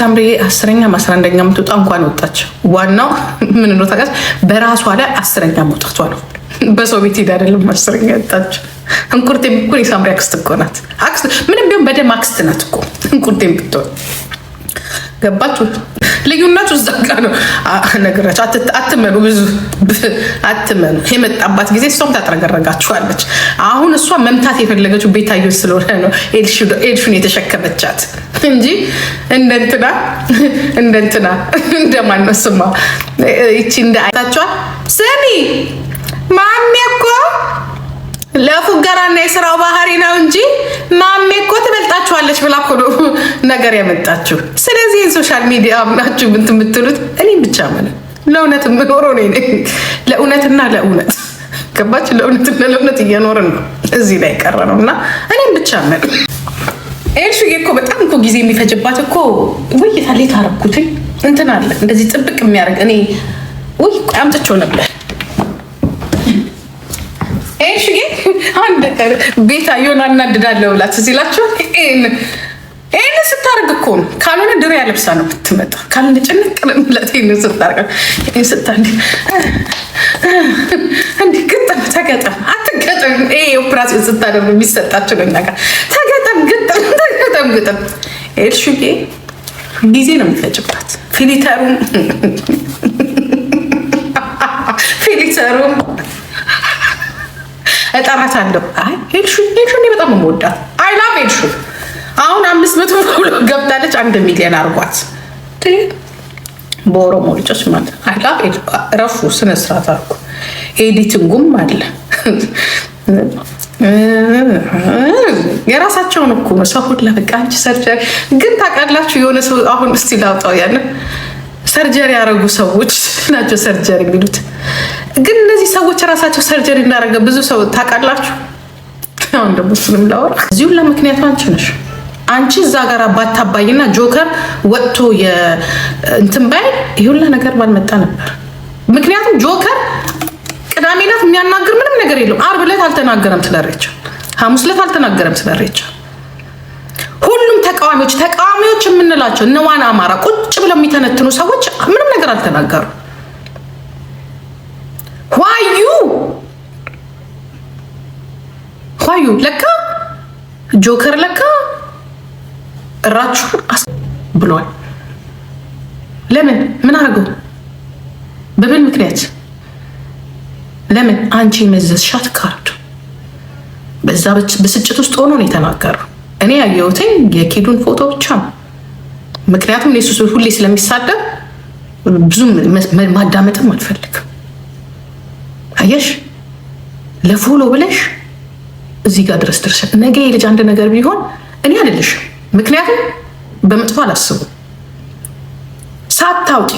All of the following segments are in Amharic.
ሳምሪ አስረኛ አስራ አንደኛ የምትወጣ እንኳን ወጣች። ዋናው ምን ነው ታውቃለች፣ በራሷ ላይ አስረኛ መውጣቷ ነው። በሰው ቤት ሄዳ አይደለም አስረኛ ወጣች። እንቁርቴ ብኩን የሳምሪ አክስት እኮ ናት። ምንም ቢሆን በደም አክስት ናት እኮ እንቁርቴ ብትሆን ገባችሁ? ልዩነቱ እዛ ጋ ነው። ነገራችሁ አትመኑ፣ ብዙ አትመኑ። የመጣባት ጊዜ እሷም ታጥረገረጋችኋለች። አሁን እሷ መምታት የፈለገችው ቤታዮች ስለሆነ ነው ኤልሹን የተሸከመቻት እንጂ እንደንትና እንደንትና እንደማነው ስማ ይቺ እንደ አይታችኋል። ስሚ ማሜ እኮ ለፉገራና የስራው ባህሪ ነው እንጂ ማሜ እኮ ትበልጣችኋለች ብላ እኮ ነገር ያመጣችሁ። ስለዚህ ሶሻል ሚዲያ ናችሁ እንትን የምትሉት እኔም ብቻ ማለት ለእውነት የምኖረው ነኝ። ለእውነትና ለእውነት ገባች። ለእውነትና ለእውነት እየኖርን ነው። እዚህ ላይ ቀረ ነው እና እኔም ብቻ መል ኤልሹዬ እኮ በጣም እኮ ጊዜ የሚፈጅባት እኮ ውይይታ ሌት አረኩትኝ እንትን አለ እንደዚህ ጥብቅ የሚያደርግ እኔ ውይ አምጥቼው ነበር ነገር ቤታ የሆነ አናድዳለሁ ብላት ሲላችሁ ይህን ስታደርግ እኮ ነው። ካልሆነ ድሮ ያለብሳ ነው ብትመጣ ካልሆነ ጭንቅ ብላት ይህንን ስታርግ እንዲህ ግጥም ተገጠም አትገጥም። ይሄ ኦፕራሲዮን ስታደርግ የሚሰጣቸው ነው ነገር ተገጠም፣ ግጥም፣ ተገጠም፣ ግጥም ኤልሹጌ ጊዜ ነው የሚፈጭባት ፊሊተሩ እጠራታለሁ። አይ ሄድሹ ሄድሹ በጣም የምወዳት አይ ላቭ ሄድሹ አሁን አምስት መቶ ብሎ ገብታለች። አንድ ሚሊዮን አርጓት በኦሮሞ ልጆች ማለት አይ ላቭ ረፉ ስነ ስርዓት አልኩ። ኤዲቲንጉም አለ የራሳቸውን እኮ ሰው ሁላ በቃ አንቺ ሰርጀሪ ግን ታውቃላችሁ፣ የሆነ ሰው አሁን እስቲ ላውጣው ያለ ሰርጀሪ ያደረጉ ሰዎች ናቸው ሰርጀሪ የሚሉት ግን እነዚህ ሰዎች ራሳቸው ሰርጀሪ እንዳደረገ ብዙ ሰው ታውቃላችሁ። አሁን ደግሞ እሱንም ላወራ እዚሁ ለምክንያቱ አንቺ ነሽ። አንቺ እዛ ጋር ባታባይና ጆከር ወጥቶ እንትን ባይ ይሁላ ነገር ባልመጣ ነበር። ምክንያቱም ጆከር ቅዳሜ ዕለት የሚያናግር ምንም ነገር የለም አርብ ዕለት አልተናገረም ስለሬቻ፣ ሐሙስ ዕለት አልተናገረም ስለሬቻ። ሁሉም ተቃዋሚዎች ተቃዋሚዎች የምንላቸው እነዋን አማራ ቁጭ ብለው የሚተነትኑ ሰዎች ምንም ነገር አልተናገሩ። ኳዩ ለካ ጆከር ለካ እራችሁን አስ ብሏል። ለምን ምን አድርገው በምን ምክንያት ለምን አንቺ ሻት ካርድ በዛ ብስጭት ውስጥ ሆኖ ነው የተናገሩ። እኔ ያየሁትኝ የኪዱን ፎቶ ብቻ ነው። ምክንያቱም ኢየሱስ ሁሌ ስለሚሳደብ ብዙ ማዳመጥም አልፈልግም። አየሽ ለፎሎ ብለሽ እዚህ ጋር ድረስ ደርሰን ነገ የልጅ አንድ ነገር ቢሆን እኔ አልልሽም። ምክንያቱም በመጥፎ አላስቡ ሳታውቂ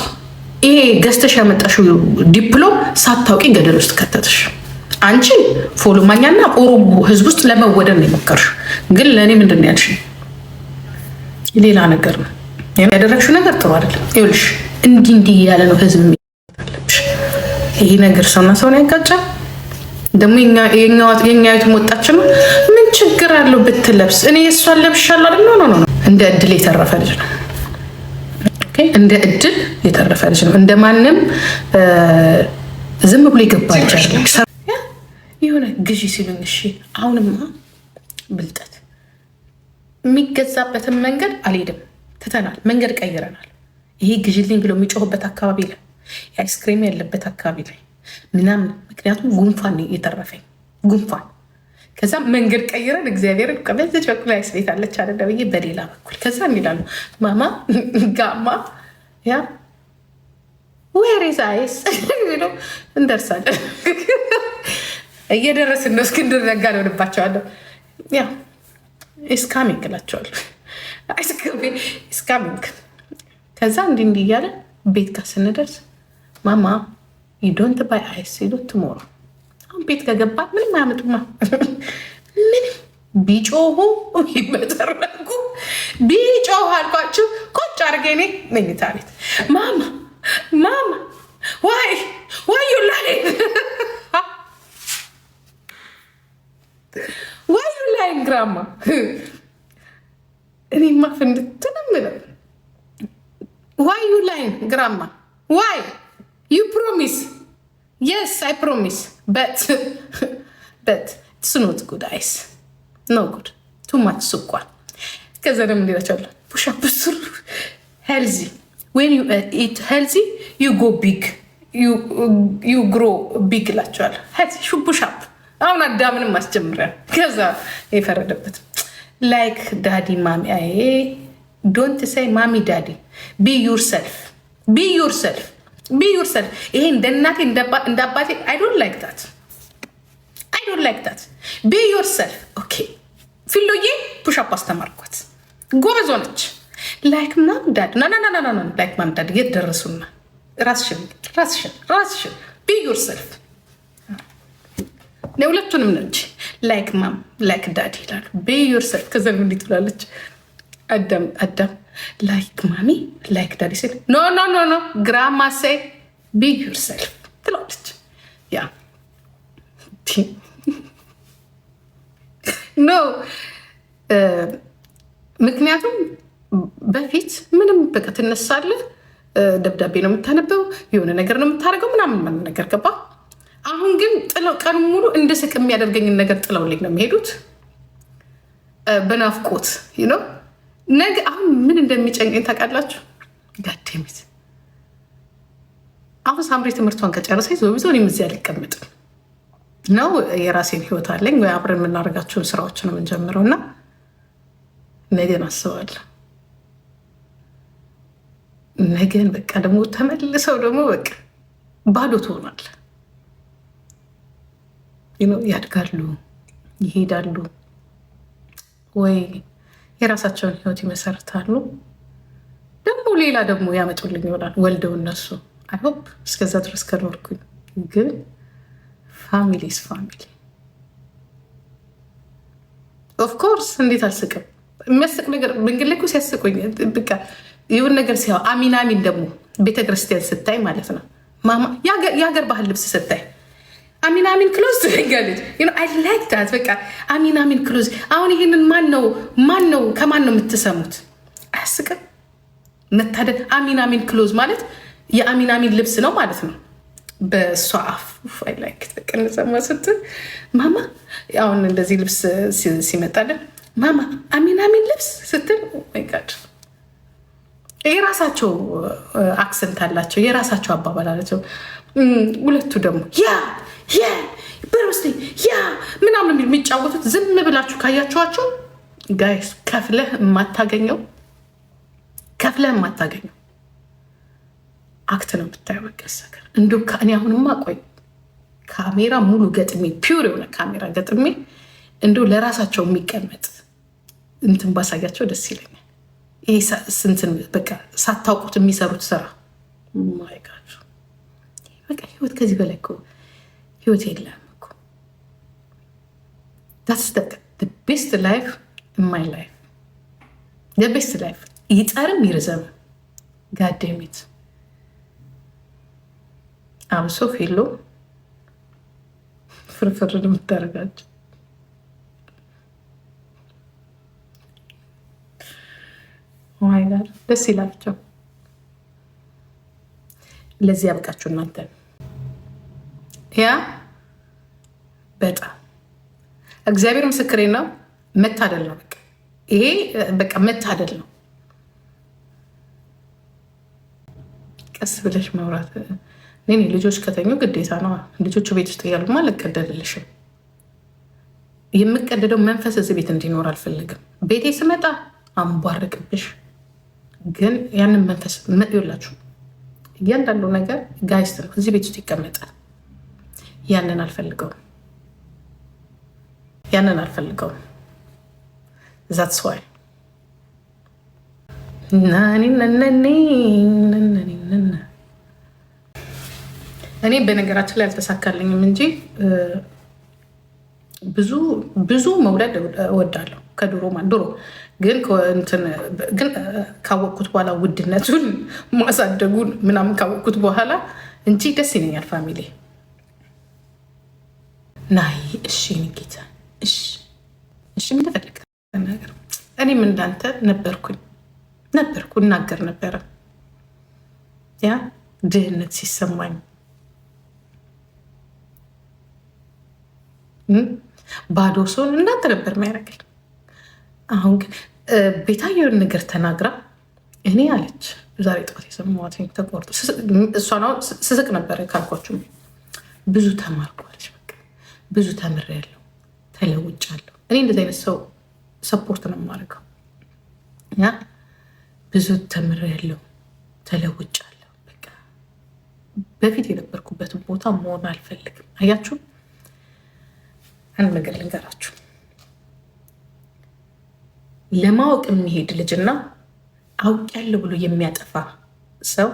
ይሄ ገዝተሽ ያመጣሽው ዲፕሎም ሳታውቂ ገደል ውስጥ ከተትሽ። አንቺ ፎሎማኛና ኦሮሞ ህዝብ ውስጥ ለመወደድ ነው የሞከርሽ፣ ግን ለእኔ ምንድን ነው ያልሽ? ሌላ ነገር ነው ያደረግሽው። ነገር ጥሩ አይደለም። ይኸውልሽ እንዲህ እንዲህ እያለ ነው ህዝብ ይሄ ነገር ሰውና ሰውን ያጋጫል። ደግሞ የኛዋቱም ወጣችም ምን ችግር አለው ብትለብስ? እኔ የእሷን ለብሻለሁ አይደል? ኖ ኖ፣ እንደ እድል የተረፈ ልጅ ነው። እንደ እድል የተረፈ ልጅ ነው። እንደ ማንም ዝም ብሎ የገባ የሆነ ግዢ ሲሉኝ እሺ፣ አሁንማ ብልጠት የሚገዛበትን መንገድ አልሄድም። ትተናል፣ መንገድ ቀይረናል። ይሄ ግዢልኝ ብሎ የሚጮህበት አካባቢ ላይ የአይስክሪም ያለበት አካባቢ ላይ ምናምን ምክንያቱም ጉንፋን የተረፈኝ ጉንፋን። ከዛ መንገድ ቀይረን እግዚአብሔርን በዚች በኩል አይስቤት አለች አለ ብዬ በሌላ በኩል ከዛ ይላሉ ማማ ጋማ ያ ወሬዝ አይስ እንደርሳለን። እየደረስን ነው። እስክንድር ነጋ ልሆንባቸዋለሁ ያ ኢስካሚንግ እላቸዋለሁ። ኢስካሚንግ ከዛ እንዲህ እንዲህ እያለ ቤት ጋር ስንደርስ ማማ ዩ ዶንት ባይ አይስ ሲሉት ትሞሩ አሁን ቤት ከገባ ምንም አያመጡማ። ምንም ቢጮሁ ይመጠረጉ ቢጮሁ አልኳችሁ ቁጭ አድርጌ እኔ መኝታ ቤት ማማ ማማ ዋይ ዋዩላ ዋዩላ ግራማ እኔማ ፍንድትንም ምንም ዋዩ ላይን ግራማ ዋይ ዩ ፕሮሚስ የስ አይ ፕሮሚስ በት በት ኢትስ ኖት ጉድ አይስ ኖ ጉድ ቱ ማች ስኳር ከዛ ደግሞ ሌላቸዋለ ፑሽ ስሩ ሄልዚ ዌን ዩ ኢት ሄልዚ ዩ ጎ ቢግ ዩ ግሮ ቢግ ላቸዋል ፑሽ አፕ አሁን አዳምንም ማስጀምሪያ ከዛ የፈረደበት ላይክ ዳዲ ማሚ አይ ዶንት ሳይ ማሚ ዳዲ ቢ ዩርሰልፍ ቢ ዩርሰልፍ ቢ ዩርሰልፍ። ይሄ እንደ እናቴ እንደ አባቴ አይ ዶንት ላይክ ታት አይ ዶንት ላይክ ታት ቢ ዩርሰልፍ። ኦኬ ፊሎዬ ፑሽ አፕ አስተማርኳት፣ ጎበዝ ሆነች። ላይክ ምናምን ዳድ ናናናና ላይክ ምናምን ዳድ የት ደረሱና ራስሽን ራስሽን ራስሽን ቢ ዩርሰልፍ ለሁለቱንም ነው እንጂ ላይክ ማም ላይክ ዳድ ይላሉ። ቢ ዩርሰልፍ ከዘ እንዲት ብላለች አዳም አዳም ላይክ ማሚ ላይክ ዳዲ ሴ ኖ ኖ ኖ ኖ ግራማ ሴይ ቢ ዩርሴልፍ ትላለች። ያ ኖ ምክንያቱም በፊት ምንም በቃ ትነሳለህ፣ ደብዳቤ ነው የምታነበው፣ የሆነ ነገር ነው የምታደርገው ምናምን ምን ነገር ገባ። አሁን ግን ጥለው ቀኑ ሙሉ እንደ ስቅ የሚያደርገኝን ነገር ጥለውልኝ ነው የሚሄዱት በናፍቆት ነው ነገ አሁን ምን እንደሚጨንቀኝ ታውቃላችሁ? ጋዴሚት አሁን ሳምሪ ትምህርቷን ከጨረሰች በብዙ እኔም እዚህ አልቀመጥም ነው የራሴን ህይወት አለኝ ወይ አብረን የምናደርጋቸውን ስራዎች ነው የምንጀምረው እና ነገን አስባለሁ። ነገን በቃ ደግሞ ተመልሰው ደግሞ በቃ ባዶ ትሆናል። ያድጋሉ፣ ይሄዳሉ ወይ የራሳቸውን ህይወት ይመሰርታሉ። ደግሞ ሌላ ደግሞ ያመጡልኝ ይሆናል ወልደው እነሱ አይሆፕ እስከዛ ድረስ ከኖርኩኝ ግን ፋሚሊስ ፋሚሊ ኦፍኮርስ እንዴት አልስቅም? የሚያስቅ ነገር መንገድ ላይ ሲያስቁኝ በቃ ይሁን ነገር ሲያው አሚን አሚን ደግሞ ቤተክርስቲያን ስታይ ማለት ነው የሀገር ባህል ልብስ ስታይ አሚን አሚን ክሎዝ ትለኛለች። አይ ላይክ ታት በቃ አሚን አሚን ክሎዝ። አሁን ይህንን ማን ነው ማን ነው ከማን ነው የምትሰሙት? አያስቅም? መታደ አሚን አሚን ክሎዝ ማለት የአሚን አሚን ልብስ ነው ማለት ነው። በእሷ አፍ አይ ላይክ ተቀነሰማ ስትል ማማ አሁን እንደዚህ ልብስ ሲመጣለን ማማ አሚን አሚን ልብስ ስትል ይጋድ የራሳቸው አክሰንት አላቸው፣ የራሳቸው አባባል አላቸው። ሁለቱ ደግሞ ያ በርስቴ ያ ምናምን የሚጫወቱት ዝም ብላችሁ ካያችኋቸው ጋይስ ከፍለህ የማታገኘው ከፍለህ የማታገኘው አክት ነው የምታየው። መቀሰከር እንዲሁ ከእኔ አሁንማ ቆይ ካሜራ ሙሉ ገጥሜ ፒውር የሆነ ካሜራ ገጥሜ እንዲሁ ለራሳቸው የሚቀመጥ እንትን ባሳያቸው ደስ ይለኛል። ይሄ ስንትን በቃ ሳታውቁት የሚሰሩት ስራ ማይጋ በቃ ህይወት ከዚህ በላይ ህይወት የለም እኮ ቤስት ላይፍ ማይ ላይፍ ቤስት ላይፍ ይጠርም ይርዘም ጋደሚት አብሶ ፊሎ ፍርፍር የምታደርጋቸው ደስ ይላቸው። ለዚህ ያብቃችሁ እናንተን። ያ በጣም እግዚአብሔር ምስክሬ ነው። መታደል ነው። በቃ ይሄ በቃ መታደል ነው። ቀስ ብለሽ መውራት እኔ ልጆች ከተኙ ግዴታ ነው። ልጆቹ ቤት ውስጥ እያሉማ አልቀደድልሽም። የምቀደደው መንፈስ እዚህ ቤት እንዲኖር አልፈልግም። ቤቴ ስመጣ አንቧርቅብሽ፣ ግን ያንን መንፈስ መላችሁ እያንዳንዱ ነገር ጋይስት ነው፣ እዚህ ቤት ውስጥ ይቀመጣል። ያንን አልፈልገውም፣ ያንን አልፈልገውም። ዛትስ ዋይ እኔ በነገራችን ላይ አልተሳካልኝም እንጂ ብዙ ብዙ መውለድ እወዳለሁ። ከድሮ ድሮ ግን ግን ካወቅኩት በኋላ ውድነቱን ማሳደጉን ምናምን ካወቅኩት በኋላ እንጂ ደስ ይለኛል ፋሚሊ ናይ እሺ ንጌታ እሺ እሺ እንደፈለግ ነገር እኔም እንዳንተ ነበርኩኝ ነበርኩ እናገር ነበረ። ያ ድህነት ሲሰማኝ ባዶ ሰውን እንዳንተ ነበር የሚያደርገኝ። አሁን ግን ቤታየውን ነገር ተናግራ እኔ አለች ዛሬ ጠዋት የሰማሁት ተቆርጦ እሷን ስስቅ ነበረ ካልኳችሁ ብዙ ተማርኳል ብዙ ተምሬያለሁ፣ ተለውጫለሁ። እኔ እንደዚ አይነት ሰው ሰፖርት ነው የማደርገው። ያ ብዙ ተምሬያለሁ፣ ተለውጫለሁ። በቃ በፊት የነበርኩበትን ቦታ መሆን አልፈልግም። አያችሁ፣ አንድ ነገር ልንገራችሁ። ለማወቅ የሚሄድ ልጅና አውቄያለሁ ብሎ የሚያጠፋ ሰው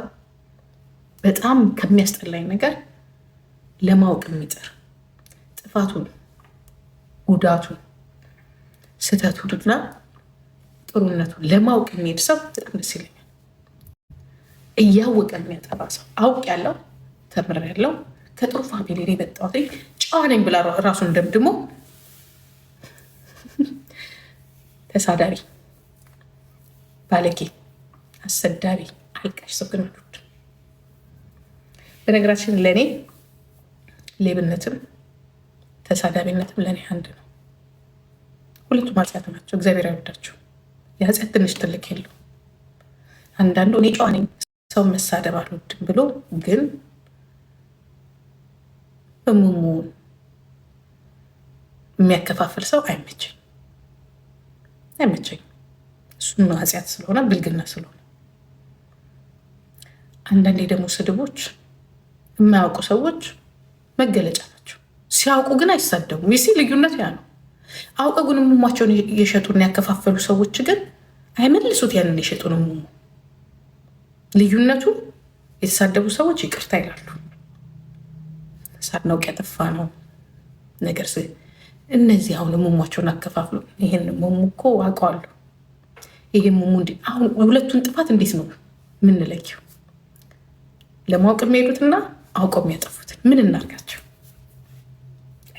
በጣም ከሚያስጠላኝ ነገር ለማወቅ የሚጥር ጥፋቱን፣ ጉዳቱን፣ ስህተቱንና ጥሩነቱን ለማወቅ የሚሄድ ሰው በጣም ደስ ይለኛል። እያወቀ የሚያጠፋ ሰው አውቅ ያለው ተምር ያለው ከጥሩ ፋሚሊ የመጣሁት ጨዋ ነኝ ብላ ራሱን ደምድሞ ተሳዳቢ፣ ባለጌ፣ አሰዳቢ፣ አልቃሽ ሰው ግን በነገራችን ለእኔ ሌብነትም ተሳዳቢነትም ለእኔ አንድ ነው። ሁለቱም ኃጢአት ናቸው። እግዚአብሔር አይወዳቸው። የኃጢአት ትንሽ ትልቅ የለው። አንዳንዱ እኔ ጨዋ ነኝ ሰው መሳደብ አልወድም ብሎ ግን እሙሙ የሚያከፋፍል ሰው አይመቸኝ አይመቸኝ። እሱም ኃጢአት ስለሆነ ብልግና ስለሆነ አንዳንዴ ደግሞ ስድቦች የማያውቁ ሰዎች መገለጫ ነው። ሲያውቁ ግን አይሳደቡም። ይሲ ልዩነት ያ ነው። አውቀ ግን ሙሟቸውን የሸጡን ያከፋፈሉ ሰዎች ግን አይመልሱት ያንን የሸጡን ሙሙ። ልዩነቱ የተሳደቡ ሰዎች ይቅርታ ይላሉ። ሳናውቅ ያጠፋ ነው ነገር እነዚህ አሁን ሙሟቸውን አከፋፍሉ። ይህን ሙሙ እኮ አውቀዋለሁ። ይህ ሙሙ አሁን ሁለቱን ጥፋት እንዴት ነው ምንለየው? ለማወቅ የሚሄዱትና አውቀው የሚያጠፉትን ምን እናርጋቸው?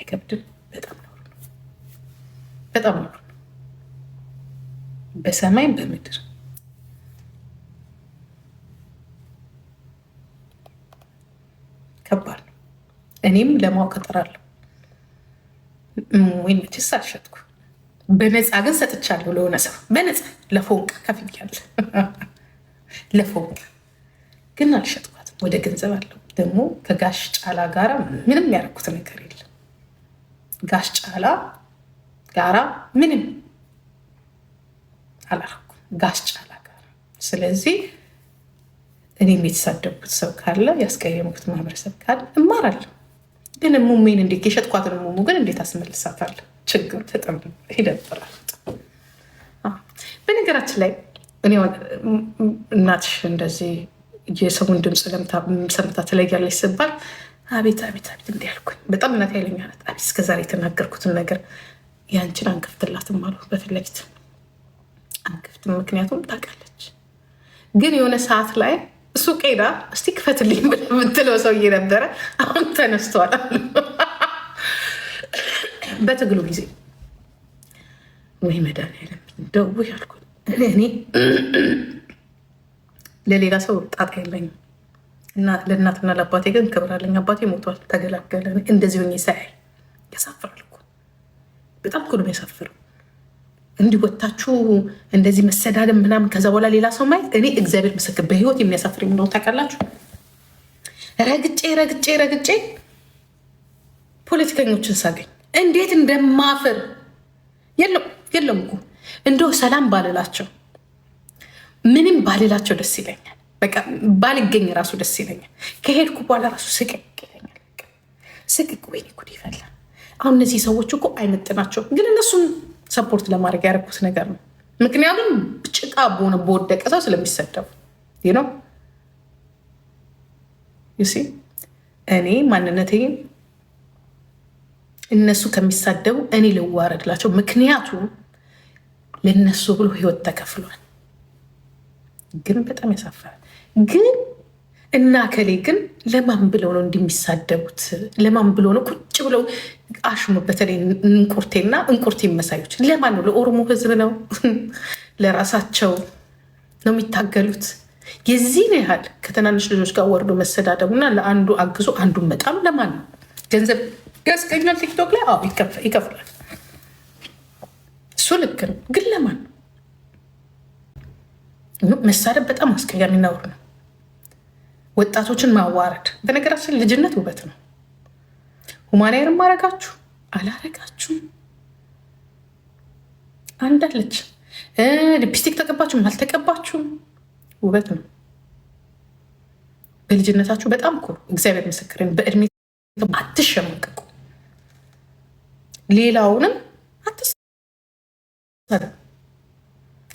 አይከብድም። በጣም ነው በጣም ነው በሰማይም በምድር ከባድ ነው። እኔም ለማወቅ እጥራለሁ። ወይም ችስ አልሸጥኩ። በነፃ ግን ሰጥቻለሁ ለሆነ ሰው በነፃ ለፎንቅ ከፍያለሁ። ለፎንቅ ግን አልሸጥኳትም። ወደ ገንዘብ አለው ደግሞ ከጋሽ ጫላ ጋራ ምንም ያደረኩት ነገር የለም። ጋሽ ጫላ ጋራ ምንም አላልኩም፣ ጋሽ ጫላ ጋር። ስለዚህ እኔም የተሳደብኩት ሰው ካለ ያስቀየምኩት ማህበረሰብ ካለ እማራለሁ። ግን ሙሜን እንዴት የሸጥኳትን ሙሙ ግን እንዴት አስመልሳታል? ችግር ተጠም ይደብራል። በነገራችን ላይ እናትሽ እንደዚህ የሰውን ድምፅ ሰምታ ትለያለች ስባል አቤት አቤት አቤት እንዲ ያልኩኝ በጣም እናት ያለኛ ናት። አቤት እስከዛሬ የተናገርኩትን ነገር ያንችን አንከፍትላትም አሉ። በፊት ለፊት አንከፍትም፣ ምክንያቱም ታውቃለች። ግን የሆነ ሰዓት ላይ እሱ ቄዳ እስቲ ክፈትልኝ የምትለው ሰውዬ ነበረ። አሁን ተነስተዋል አሉ በትግሉ ጊዜ ወይ መድኃኒዓለም እንደው ያልኩኝ እኔ ለሌላ ሰው ጣጣ የለኝም። ለእናትና ለአባቴ ግን ክብር አለኝ። አባቴ ሞቷል፣ ተገላገለ። እንደዚህ ሆኜ ሳያይ ያሳፍራል እኮ በጣም እኮ ነው እንዲወታችሁ እንዲህ ወታችሁ እንደዚህ መሰዳደብ ምናምን፣ ከዛ በኋላ ሌላ ሰው ማየት እኔ እግዚአብሔር ምስክር በህይወት የሚያሳፍር ነው። ታውቃላችሁ፣ ረግጬ ረግጬ ረግጬ ፖለቲከኞችን ሳገኝ እንዴት እንደማፍር የለም የለም እኮ እንደው ሰላም ባልላቸው ምንም ባልላቸው ደስ ይለኛል። በቃ ባልገኝ ራሱ ደስ ይለኛል። ከሄድኩ በኋላ ራሱ ስቅቅ ይለኛል። ስቅቅ ወይኔ ጉድ ይፈላል። አሁን እነዚህ ሰዎች እኮ አይመጥናቸው፣ ግን እነሱን ሰፖርት ለማድረግ ያደረኩት ነገር ነው። ምክንያቱም ጭቃ በሆነ በወደቀ ሰው ስለሚሰደቡ ነው። እኔ ማንነቴ እነሱ ከሚሳደቡ እኔ ልዋረድላቸው፣ ምክንያቱም ለነሱ ብሎ ህይወት ተከፍሏል። ግን በጣም ያሳፍራል። ግን እና ከሌ ግን ለማን ብለው ነው እንደሚሳደቡት? ለማን ብለው ነው ቁጭ ብለው አሽሙ? በተለይ እንቁርቴና እንቁርቴ መሳዮች ለማን ነው? ለኦሮሞ ህዝብ ነው? ለራሳቸው ነው የሚታገሉት? የዚህን ያህል ከትናንሽ ልጆች ጋር ወርዶ መሰዳደቡ እና ለአንዱ አግዞ አንዱን መጣም ለማን ነው? ገንዘብ ያስገኛል። ቲክቶክ ላይ አዎ ይከፍላል። እሱ ልክ ነው። ግን ለማን ነው መሳደብ? በጣም አስቀያሚ ነውር ነው። ወጣቶችን ማዋረድ። በነገራችን ልጅነት ውበት ነው። ሁማንያርም ማረጋችሁ አላረጋችሁም አንዳለች ሊፕስቲክ ተቀባችሁም አልተቀባችሁም ውበት ነው። በልጅነታችሁ በጣም እኮ እግዚአብሔር ምስክርን በእድሜ አትሸማቀቁ። ሌላውንም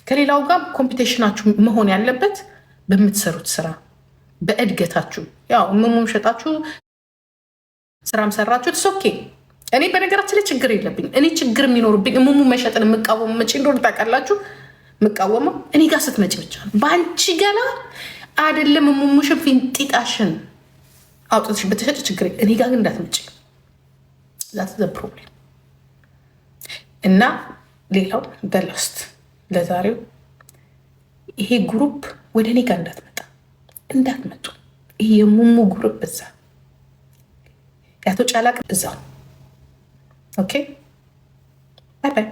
ከሌላው ጋር ኮምፒቴሽናችሁ መሆን ያለበት በምትሰሩት ስራ በእድገታችሁ ያው እምሙም ሸጣችሁ ስራም ሰራችሁት ሶኬ እኔ በነገራችን ላይ ችግር የለብኝ። እኔ ችግር የሚኖርብኝ እሙሙ መሸጥን የምቃወሙ መቼ እንደሆነ ታውቃላችሁ? የምቃወመው እኔ ጋር ስትመጪ ብቻ ነው። በአንቺ ገና አይደለም እሙሙሽን ፊንጢጣሽን አውጥተሽ ብትሸጭ ችግር፣ እኔ ጋር ግን እንዳትመጪ ዛት ዘ ፕሮብሌም። እና ሌላው በላስት ለዛሬው ይሄ ግሩፕ ወደ እኔ ጋር እንዳትመጪ እንዳትመጡ። ይህ የሙሙ ጉርብ እዛ የአቶ ጫላቅ እዛው ኦኬ። ባይ ባይ።